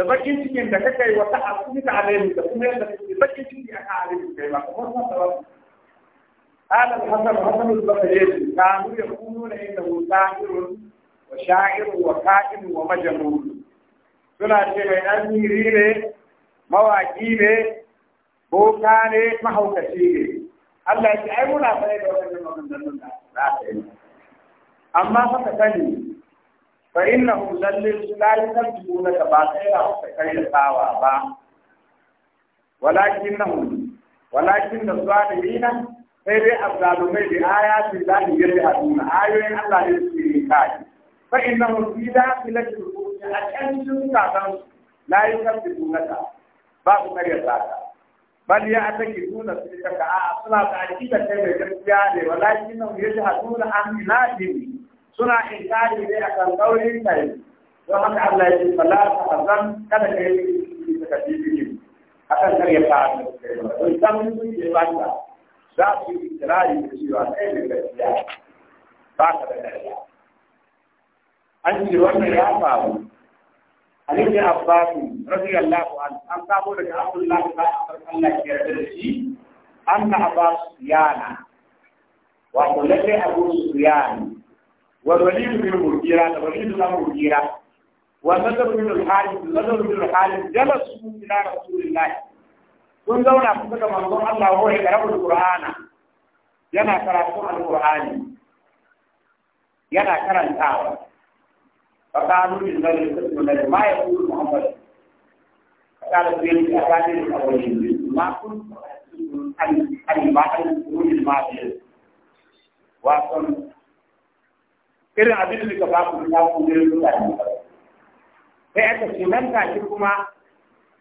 da bakin cikin da kake yi wata asibita alaihi da kuma yadda kake bakin ciki a aka alaihi kai ba kamar wannan ba قال الحسن حسن البصري كانوا يقولون انه ساحر وشاعر وكائن ومجنون suna ce mai ɗan ne mawaki ne boka ne mahaukaci ne Allah ya ce ai muna sai da wannan maganganun da za ta yi amma haka sani fa innahum lallil lalikan tubuna ba sai da su kai da tsawa ba walakinnahum walakin da zalilina sai dai azzalumai bi ayatin lahi yajhaduna ayoyin Allah ne suke kai fa innahum fi dakhilati a can sun kasan la yi kafin dunaka ba su karya sata bal ya a take duna su ka suna ta aki da kai mai gaskiya ne walakin nan ya ji haduna an minadin suna inkari ne akan kaurin kai don haka Allah ya ce fala ta hazan kada ka yi cikin da kaji biyu akan kar ya fara da don samun sun je ba ta za su yi ikirari da cewa kai ne gaskiya ba ka da gaskiya an ce wannan ya faru Ali bin Abbas radiyallahu anhu an samu daga Abdullah bin Abbas Allah ya yarda da shi anna Abbas yana wa kullu Abu Sufyan والوليد بن المغيرة الوليد بن المغيرة والنذر بن الحارث النذر بن الحارث جلسوا إلى رسول الله kun zauna kusa da manzon Allah wa ya rabu Qur'ana yana karatun Al-Qur'ani yana karantawa fa qalu min dalil kullu ma yaqulu Muhammad qala bin akadin ma kun an an irin abin da ka ba ku ya ku ne mutane sai aka ce nan take kuma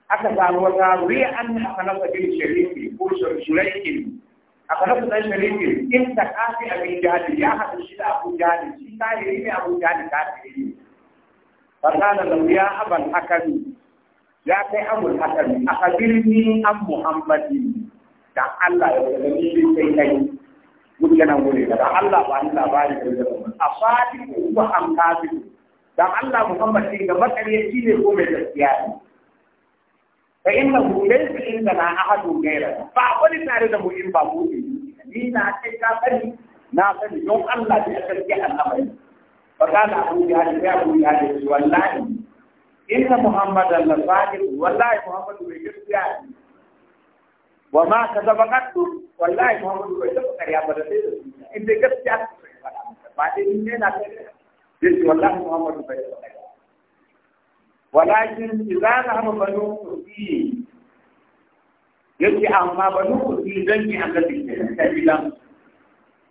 aka samu wata riya an aka nasa bin sharifi ko shuraikin aka nasa dan sharifi in ta kafi abin jahili ya haɗu shi da abu jahili shi yi ne fi yi ba ta da lau ya aban hakan ya kai Amur hakan, a kabirni an muhammadi da Allah ya zama ni kai kai duk yana gure da Allah ba ni labari da zama a fati ko ba an kafi dan Allah Muhammad din ga makaryaci ne ko mai gaskiya ne fa inna hu laysa na ahadun ghayra ba wani tare da mu in ba mu ni na kai ka sani na sani don Allah da aka ji annabi fa kana abu ya ya abu ya wallahi inna muhammadan la sadiq wallahi muhammadu bai gaskiya ne wa ma ka zaba kaddu wallahi Muhammadu bai taba ƙarya ba da sai da sunna in dai gaskiya ba dai in ne na kai dai wallahi Muhammadu bai taba ƙarya walakin idza zahaba banu qurbi yake amma banu qurbi dan ki an da dike sai bilan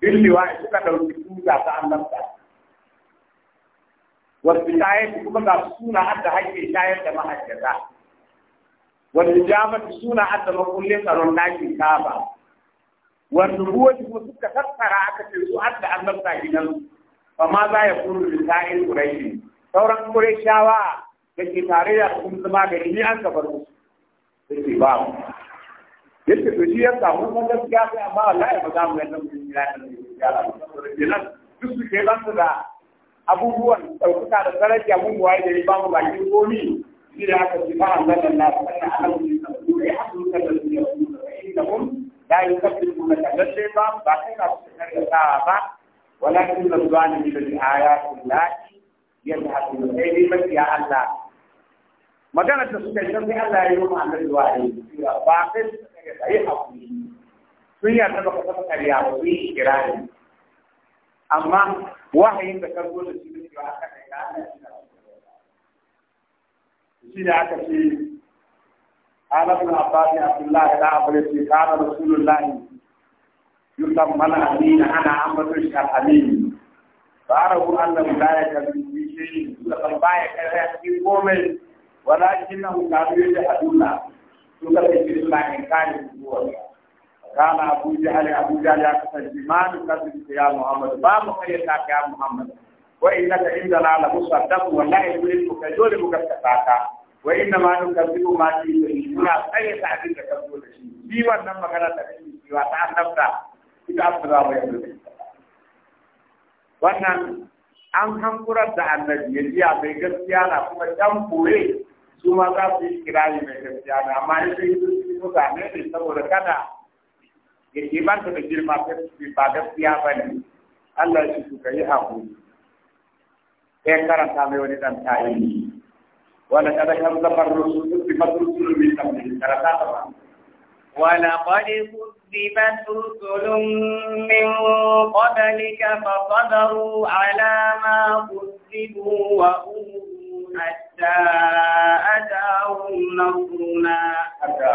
billiwa suka dauki tuta ta annabta wasu tayi kuma ga suna hadda hakki shayar da mahajjata Wani hijamati suna adda makullin tsaron dakin kaba wal nubuwati kuma suka tattara aka ce su adda annabta gidan fa ma za ya kuru lisa'il quraishi sauran shawa da ke tare da kun zama da ni an ka bar su ba mu yake to shi samu gaskiya sai amma ba za mu yanda mu yi ranar da abubuwan ɗaukaka da mun ba bakin komi إذا كتبها لنا الناس أن عملهم يقول يحملك الذين يقولون فإنهم لا يكذبونك لا الشيطان باقين أصحاب الكعبة ولكن الظالمين بآيات الله يجحدون أي نعمة يا الله magana da suka yi sai Allah ya yi wa annabi wahayi ba kai suka yi hakuri sun yi ta baka saka kariya ba sun yi kirari amma wahayin da karbo da shi ne ba aka kai da Allah shi ne aka ce ana bin abbas abdullahi da abule ce kana rasulullahi yukan mana amina ana ambaton shi al-amin fa'arahu annahu la yakذب fi shay'in lakan baya kai cikin komai walakinahu kanu yajhaduna to ka ce islamin kani kuwa كان أبو جهل أبو جهل يقتل ما نكذب يا محمد ما مخيلتك يا محمد وإنك عندنا لمصدق والله يريدك كجول مكتفاك wa inna ma nun kazibu ma ti yi muna tsare ta abin da kazo da shi shi wannan magana da kake cewa ta annabta ita abu za mu yi wannan an hankurar da annabi ya jiya mai gaskiya na kuma ɗan koye su ma za su yi kirari mai gaskiya na amma ya sai su yi ne saboda kada ya ke ba da girma ba gaskiya ba ne Allah shi suka yi haƙuri sai karanta mai wani ɗan ta'ili wala kada kam da farru di farru sulu bi tamni kara ta ta wala qad kuzibat rusulun min qablika fa sadaru ala ma kuzibu wa umu hatta ataum nasruna ada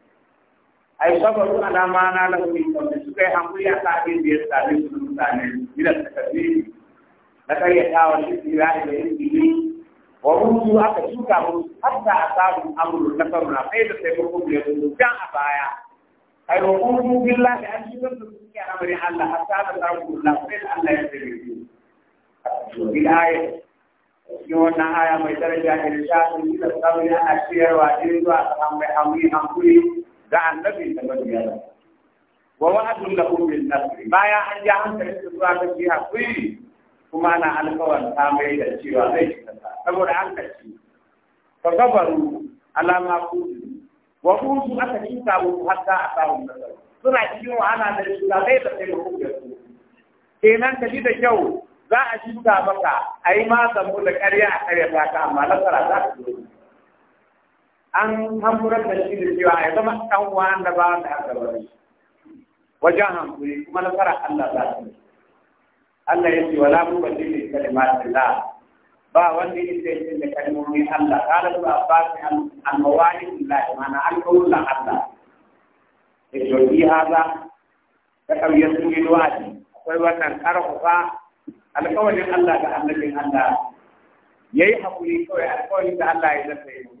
ai sabaru ala ma na lahu min qabli suka yi hankuri a sabin da ya sami su mutane gidan takabiri na karyatawa shi tsirari da yin wa rusu aka shuka musu hatta a samun amuru na faruna sai da sai mutum ya zo can a baya ai wa rusu billahi an shi zan su suke amarin Allah hatta da samun Allah sai da Allah ya tsere su aya cikin wannan aya mai daraja da shafin gidan samun ya a ciyarwa din zuwa samun mai hankuri hankuri Da annabi da mabiya wa wa'adun lahum bil nasr baya an ja an kare su da ga jiha kuyi kuma na alƙawar ta mai da cewa zai ci kasa saboda an kaci fa sabaru alama kudu wa kudu aka ci samu hatta a samu nasara suna cikin wahala da shi da zai tafi da hukunci kenan ka ji da kyau za a shuka maka a yi ma zambo da ƙarya a ƙarya ta ka amma nasara za ka zo an hamurar da shi da cewa ya zama ɗan uwa da ba da aka bari wajen hankuri kuma na fara Allah za ta yi Allah ya ce wala mu shi ne kalimatin la ba wanda ya ce shi da kalmomin Allah kala su abbas al-mawali lillahi mana al-qawla Allah ya ce yi haza da ƙauyen sun yi duwati akwai wannan karfafa alƙawarin Allah da annabin Allah ya yi haƙuri kawai alƙawarin da Allah ya zata yi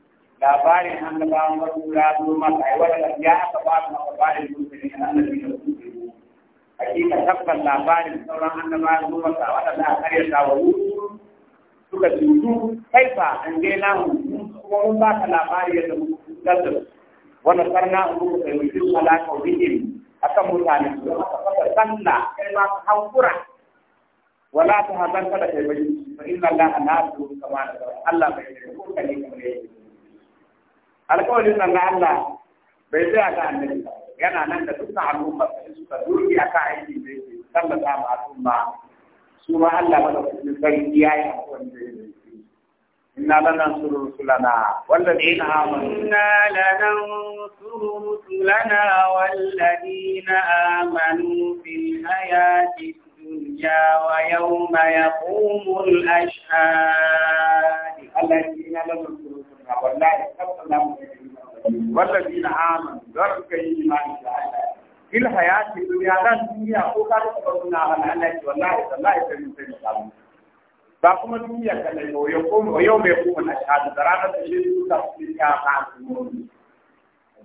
labarin an da bawan wasu ya zo masa ai wanda ya aka ba su labarin musulmi an da biyu ka tabbas labarin sauran an da bawan zo masa wanda aka da wa wutu suka tutu kai fa an je na kuma mun ba ka labari yadda mutum da wannan sarna ubu kai mutum ala kaudihim akan mutane su zama ka fata sallah kai ma ka hankura wala ta hazanta da kai bai fa inna allaha na yuhibbu kama Allah bai yi ko kai kamar yake alƙawarin nan na Allah bai aka ga annabi yana nan da dukkan al'umma sai suka duri a kan aiki da yake sallata ma al'umma su ma Allah madaukakin sarki ya yi alƙawarin da yake إنا لننصر رسلنا والذين آمنوا إنا لننصر رسلنا والذين آمنوا في الحياة wa ويوم يقوم الأشهاد الذين لننصر na wallahi sallallahu والذين آمنوا ذلك إيمان في الحياة الدنيا na دنيا أخرى تكون على الله والله الله يسلم سلم ba kuma duniya ta ne ya koma yau mai koma na shahada da ranar da shi su ta fi ya ka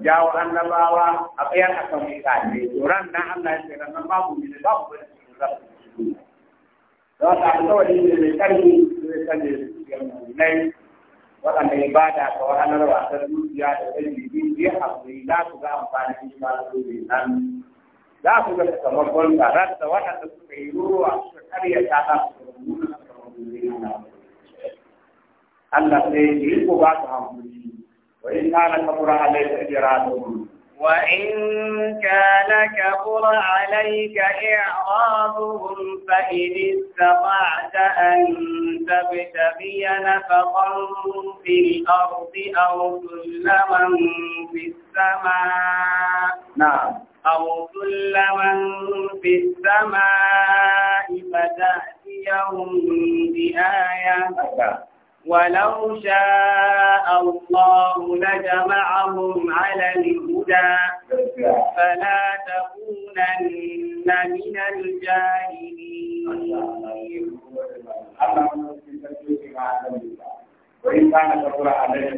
jawo annabawa a tsayar a kan mutane ran na Allah ya tsira ba babu ne babu wani su za su ci don ka alƙawari ne mai ƙarfi su ya sanya su mai waɗanda ya bada ka wahalar wasar dukiya da ɗan bibi ya haƙuri za su ga amfanin masu nan za su ga sakamakon tsarar da waɗanda suka yi ruwa suka karya ta za su ga Allah sai yi ko ba su hankali wa in kana kabura alaika ijratuhum وإن كان كبر عليك إعراضهم فإن استطعت أن تبتغي نفقا في الأرض أو سلما في السماء نعم أو سلما في السماء فتأتيهم بآية نعم. ولو شاء الله لجمعهم على الهدى فلا تكونن من الجاهلين وإن كان عليه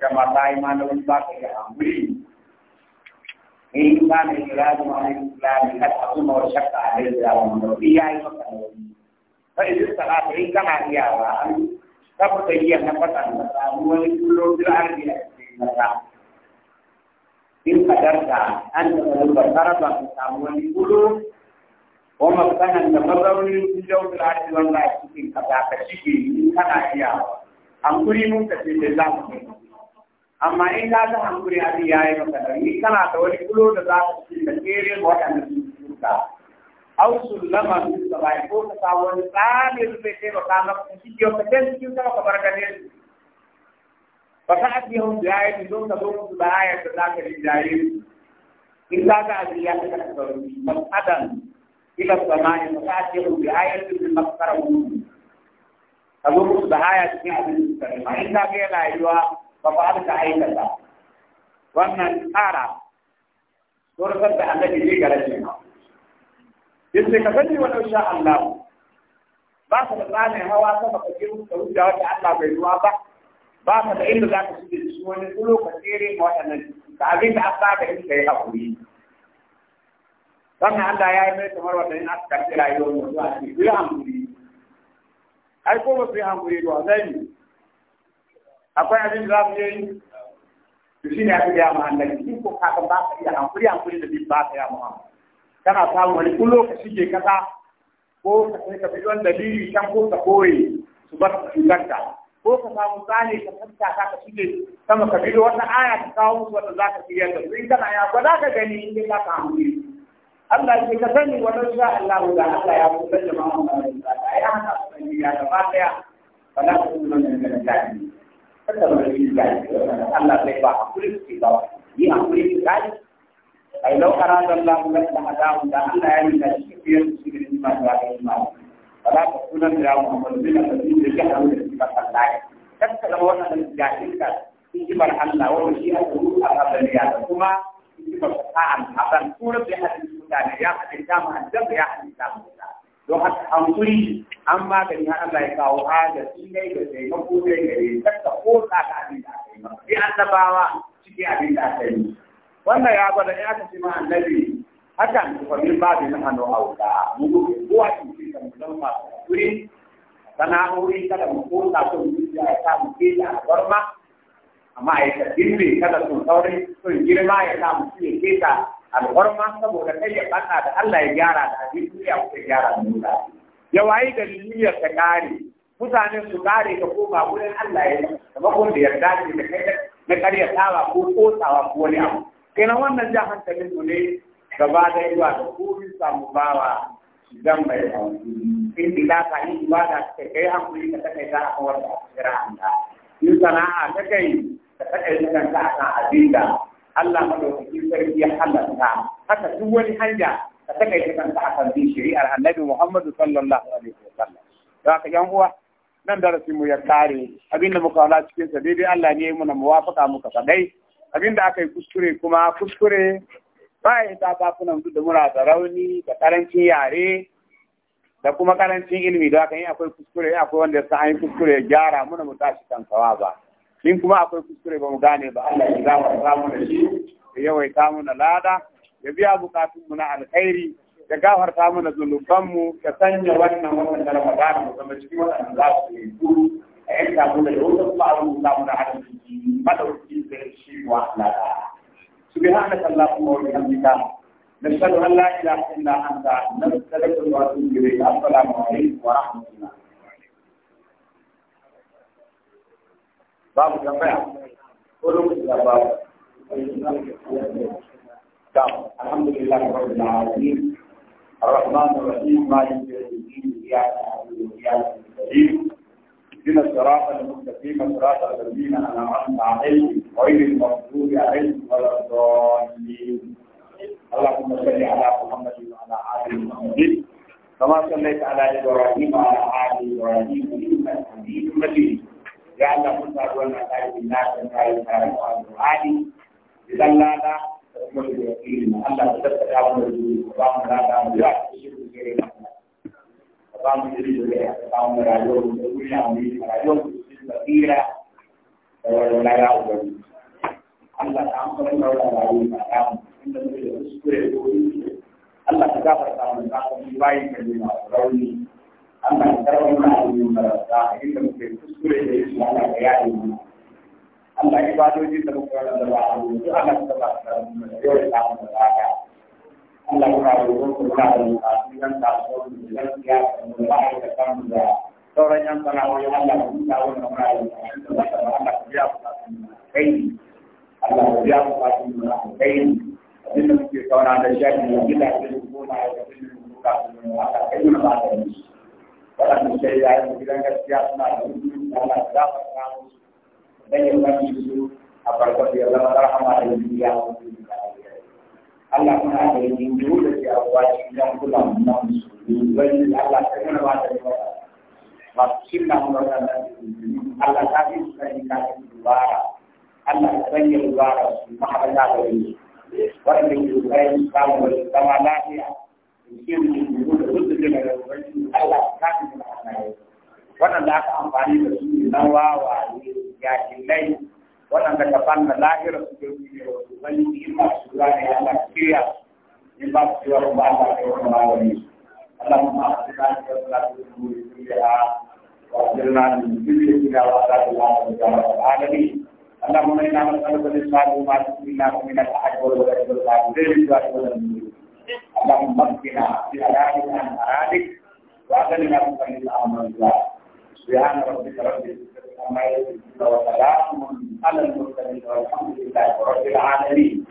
كما دائما إن كان الإسلام عليه الإسلام قد أقوم وشق عليه الصراط إياه fa idan salata in kana iyawa an tabbata iya na fatan da samu wani kullo bil ardi a cikin nasa in an da rubar karaba samu wani kullo wa makanan da mazauni kullo bil ardi wanda a cikin kasa ka shige in kana iyawa hankuri mun ka ce da amma in ka ga hankuri a yi maka da ni kana da wani kullo da za ka ci da aw sullama min samai ko ka sa wani tsamin mai taimaka maka shi yau ka jan cikin sama ka barka ne ba ka ajiye hun da yayi don ka zo musu da ayar da ka rinjaye in za ka ajiye ya ka ka sauri masadan ila samai ba ka ajiye hun da ayar da makara hun ka zo musu da aya cikin abin da ka rima in za ka yi rayuwa ba ka abu ka aikata wannan tsara surar da annabi ne ga rashin yace ka sani wani insha Allah ba ka da tsanin hawa sama ka girma ka rubuta wata Allah bai ruwa ba ba ka da inda za ka shige shi wani tsoro ka tsere ma waɗannan ka abin da aka yi in kai hakuri wannan Allah ya yi mai kamar wanda in aka karɓi rayuwar mutu a cikin ku yi hankuri ai ko ba su yi hankuri ba zai yi? akwai abin da za su yi to shi ne aka ya ma Allah shi ko kaka ba ka iya hankuri hankuri da bin ba ka ya Muhammad kana samu wani kun ka shige kasa ko ka sai ka fi wani dalili can ko ka koyi su bar su shuganta ko ka samu tsani ka tafka ka ka shige sama ka bi wata aya ta kawo musu wata za ka shirya da su in kana ya ba za ka gani in dai za ka hankali Allah ya ka sani wannan sha Allah da Allah ya kusa jama'a wannan da ya hana su sani ya gaba daya ba za ka kuma nan da tsani kada mu yi tsani Allah bai ba hakuri ki ba yi hakuri ki tsani ai lau arada Allah la hadahu da Allah ya nuna shi biyar su ne ma da ma wala ka kuna da Muhammad bin Abdul da ya hawo da shi kan Allah kaka da wannan da jahil ka hikimar Allah wannan shi a ruhu a rabbiya kuma hikimar sa'an hasan kuma bi hadisi mutane ya hadisa mu hadda ya hadisa mu don haka hankuri an magani har Allah ya kawo agaji ne da taimako ne gare kaka ko tsaka abin da aka yi maka bi annabawa cikin abin da aka yi wannan ya gwada ya aka ce ma annabi hakan ba babu na hannu auka mu gudu kowa in ce da mu zama masu hakuri sana'o'i kada mu kota son zuciya ya sa mu ke da albarma amma a yi sabbin kada sun saurin sun girma ya sa mu ke ke da albarma saboda kai ya bata da Allah ya gyara da abin duniya kuka gyara da nuna ya wayi da niyyar ta kare mutane su kare ka koma wurin Allah ya zama kun da yarda ce da kai na karyatawa ko kosawa ko wani abu kenan wannan ja hankalin mu ne gaba da yawa da kuri samu bawa idan mai hankali in da ka yi da ka kai hankali ka take ta a wanda a kira Allah in sana'a ta kai ka take ta kan ta a abinda Allah madaukakin sarki ya halatta haka duk wani hanya ka take ta kan ta a bin shari'ar Annabi Muhammad sallallahu alaihi wasallam da ka yan uwa nan darasi mu ya kare abinda muka wala cikin sa daidai Allah ne mu na muwafaka muka sadai Abin da aka yi kuskure kuma kuskure ba ya ta kafunan duk da mura da rauni da karancin yare da kuma karancin ilimi da aka yi akwai kuskure akwai wanda ya an yi kuskure ya gyara muna mu tashi kan ba in kuma akwai kuskure ba mu gane ba Allah ya zama samu da shi ya yawaita mu na lada ya biya bukatun mu na alkhairi ya gafarta mu na zunuban mu ya sanya wannan wannan da Ramadan mu zama cikin wannan za su yi a yanka mu da wata kuma a rubuta mu da hannun madauki zai ci wa Allah subhanaka allahumma wa bihamdika nashhadu an la ilaha illa anta nastaghfiruka wa natubu ilayk assalamu alaikum wa rahmatullah babu tambaya ko lokacin da babu الحمد لله رب العالمين الرحمن الرحيم مالك يوم الدين اياك نعبد واياك نستعين اهدنا الصراط المستقيم صراط الذين انعمت عليهم غير المغضوب عليهم ولا الضالين اللهم صل على محمد وعلى ال محمد كما صليت على ابراهيم وعلى ال ابراهيم انك حميد مجيد يا الله كنت اقول مساجد الناس ان وسائر الكرم والدعاء اذا لا لا تكمل اليقين ان الله تتبع امر القران لا تعمل لا تشرك به ba mu da zuriya ba mu rayuwar mu da wuya mu yi rayuwar mu cikin basira da walwala ya ubangi Allah ta amsa mu da rayuwa ta mu inda muke da kuskure ko Allah ta gafarta mu da mu bayin kalima rauni Allah ta karɓa mu da mu marasa inda muke da yi Allah ya yaye mu Allah ibadoji da muke da ba mu Allah ta ba ta mu da yau ta mu da Allah ya kare mu ku a cikin kasuwanci da gaskiya da ma'aikatan mu da sauran yan sana'o'i Allah ya kuta wannan ra'ayi da Allah ya biya ku kai Allah ya biya ku kai abin da muke saura da shafi da gida da kuma ma'aikatan mu ka kai mu ba da shi waɗanda sai ya yi gidan gaskiya suna da mutum da Allah ya gafarta musu dan ya bani su a farko da ya zama rahama da duniya da Allah muna da yin dole da yawa cikin kula na musulmi wani Allah ta gana ba da yawa ba cikin na mura da Allah ta fi su kan ka ta dubara Allah ta yi dubara su mahaɗa da yi wanda ke kai samu wani zama lafiya cikin da da duk da daga wani Allah ta fi su wannan da aka amfani da su ne na wawaye yakilai waɗanda ka fanna lahira su jirgi ne wa su zani in ba su gane Allah kiriya in ba su ciwar ba Allah kai wani magani Allah kuma a cikin zani ka zula su zuri kiriya wa jirna ne jirgi kiriya wa za su lafa da jama'a da adali Allah kuma ina masalar da lissafi ma su ina kuma ina ta hajjar da rajin da zai rikwa da wannan zuri Allah kuma makina fi alaƙi da an aradik wa akalina kuma ina amal da سبحان ربك رب العزة والسلام وسلام على المرسلين والحمد لله رب العالمين